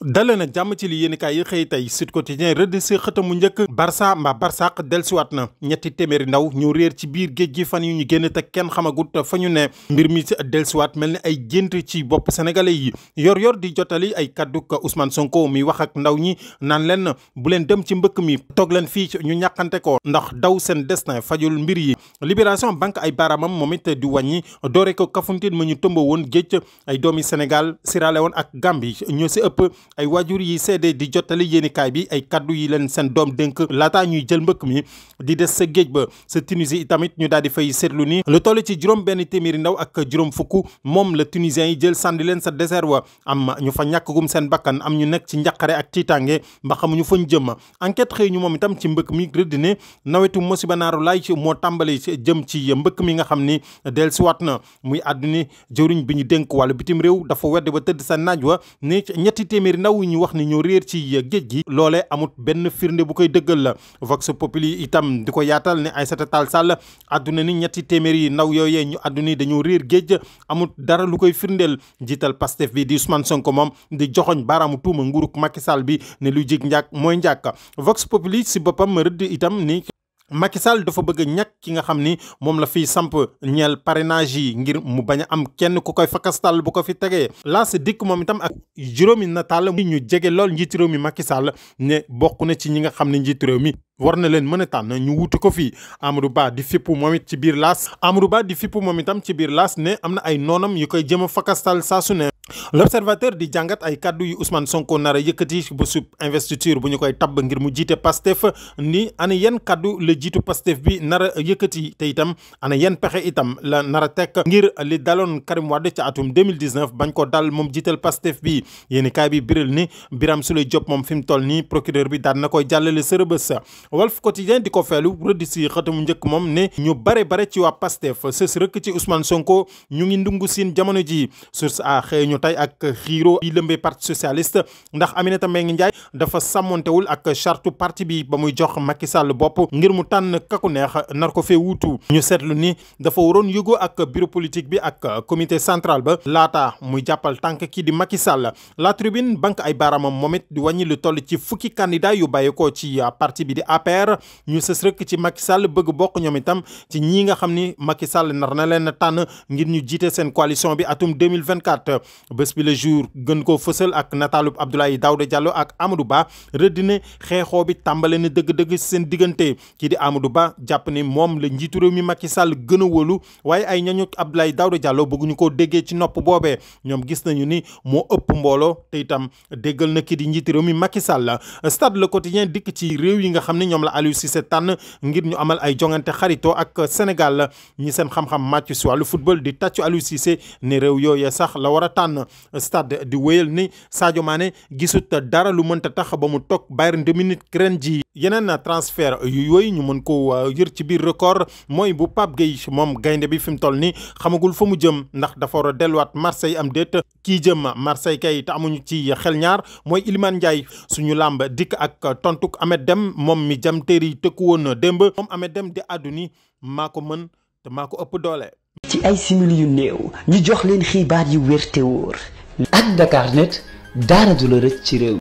dale nag jàmm ci li yéenekaay yi xëy tey Sud Quotidien rëdd si xëta mu njëkk Barça mbaa Barsaq dellusiwaat na ñetti téeméeri ndaw ñu réer ci biir géej gi fan yu ñu génn te kenn xamagut fa ñu ne mbir mi dellusiwaat mel ni ay gént ci bopp sénégalais yi yor yor di jotali ay kaddu ka Ousmane Sonko mi wax ak ndaw ñi naan leen bu leen dem ci mbëkk mi toog leen fii ñu ñàkkante ko ndax daw seen destin fajul mbir yi Libération banque ay baaraamam moom it di wàññi doore ko Kafountine ma ñu tëmba woon géej ay doomi Sénégal Sierra Leone ak Gambie ñoo si ëpp ay waajur yi seede di jottali yéenikaay bi ay kaddu yi leen seen doom dénk laataa ñuy jël mbëkk mi di des sa géej ba sa Tunisie tamit ñu daal di fay seetlu ni lu toll ci juróom benn téeméeri ndaw ak juróom fukk moom la tunisien yi jël sànni leen sa désert wa am ñu fa ñàkkagum seen bakkan am ñu nekk ci njàqare ak tiitange mba xamuñu fañ jëm enquête xëy ñu moom itam ci mbëkk mi rëdd ne nawetu mosiba naaru laay moo tàmbali jëm ci mbëkk mi nga xam ni dellusiwaat na muy àdduni jëwriñ bi ñu dénk wàllu bitim réew dafa wedd ba tëdd sa naaj wa ni ñetti téeméeri ndaw ndaw ñu wax ni ñu réer ci géej gi loole amut benn firnde bu koy dëggal la vox populi itam di ko yaatal ne Aïssata Tall Sall àdduna ni ñetti téeméeri ndaw yooyee ñu yi dañu réer géej amut dara lu koy firndeel jiital Pastef bi di Ousmane Sonko moom di joxoñ baaraamu tuuma nguuruk Macky Sall bi ne lu jig njàkk mooy njàkk vox populi si boppam rëdd itam ni Macky Sall dafa bëgg a ñàkk ki nga xam ni moom la fiy samp ñeel parrainage yi ngir mu bañ a am kenn ku koy fakastal bu ko fi tegee laas dikk moom itam ak juróomi na nataal ñu jege lool njiitu réew mi Macky Sall ne bokk na ci ñi nga xam ne njiitu réew mi war na leen mën a tànn ñu wuti ko fii Amadou Ba di fippu moom it ci biir laas Amadou Ba di fippu moom itam ci biir laas ne am na ay noonam yu koy jëm a fakastal saa su ne l'observateur di jàngat ay kàddu yu usman Sonko nar a yëkkati ba sub investiture bu ñu koy tabb ngir mu jiite fa ni ana yan kàddu la jiitu Pastef bi nar a yëkkati te itam ana yan pexe itam la nara tek ngir li daloon Karim Wade ca atum 2019 bañ ko dal moom jiital Pastef bi yéeni kaay bi biral ni Birame Souleye Diop moom fi mu toll nii procureur bi daan na koy jàllale sërëbës Walf Quotidien di ko feelu rëdd si xëtamu njëkk moom ne ñu bare bare ci waa Pastef sës rëkk ci Sonko ñu ngi ndungu jamono ji source a ñu tey ak xiiro yi lëmbee parti socialiste ndax Aminata Mbengue Ndiaye dafa sàmmontewul ak charte parti bi ba muy jox Macky Sall bopp ngir mu tànn kaku neex nar ko fee wuutu ñu seetlu ni dafa waroon yëgoo ak bureau politique bi ak comité central ba laata muy jàppal tànk kii di Macky Sall la tribune banque ay baaraamam moom it di wàññi ci fukki candidat yu bàyyeekoo ci parti bi di APR ñu sës rek ci Macky Sall bëgg bokk ñoom itam ñi nga xam ni Macky Sall nar na leen tànn ngir ñu jiite seen coalition bi atum 2024 bés bi le jour gën koo fësal ak nataalub Abdoulaye Daouda Diallo ak Amadou Ba rëdd ne xeexoo bi tàmbale na dëgg-dëgg seen diggante kii di Amadou Ba jàpp ne moom la njiitu réew mi Macky Sall gën a wóolu waaye ay ñañu Abdoulaye Daouda Diallo bëgguñu koo déggee ci nopp boobee ñoom gis nañu ni moo ëpp mbooloo te itam déggal na kii di njiitu réew mi Macky Sall la stade le quotidien dikk ci réew yi nga xam ne ñoom la si se tànn ngir ñu amal ay jongante xaritoo ak Sénégal ñi seen xam màcc si wàllu football di tàccu Aliou Cissé réew yooyee sax stade di wéyal ni Sadio Mané gisut dara lu mënta tax ba mu toog Bayern de Munich ren ji yeneen transfert yu yooyu ñu mën ko euh, yër ci biir record mooy bu Pape Gueye moom gaynde bi fi mu toll nii xamagul fa mu jëm ndax dafa war a delluwaat Marseille am déet kii jëm Marseille kay te amuñu ci xel ñaar mooy Iliman Ndiaye suñu làmb dikk ak tontuk Ahmed Dem moom mi jam téer yi tëkku woon démb moom Ahmed Dem di àddu ni maa ko mën te maa ko ëpp doole ci ay simili yu néew ñu jox leen xibaar yu wér te wóor. ak Dakarnet dara du la ci réew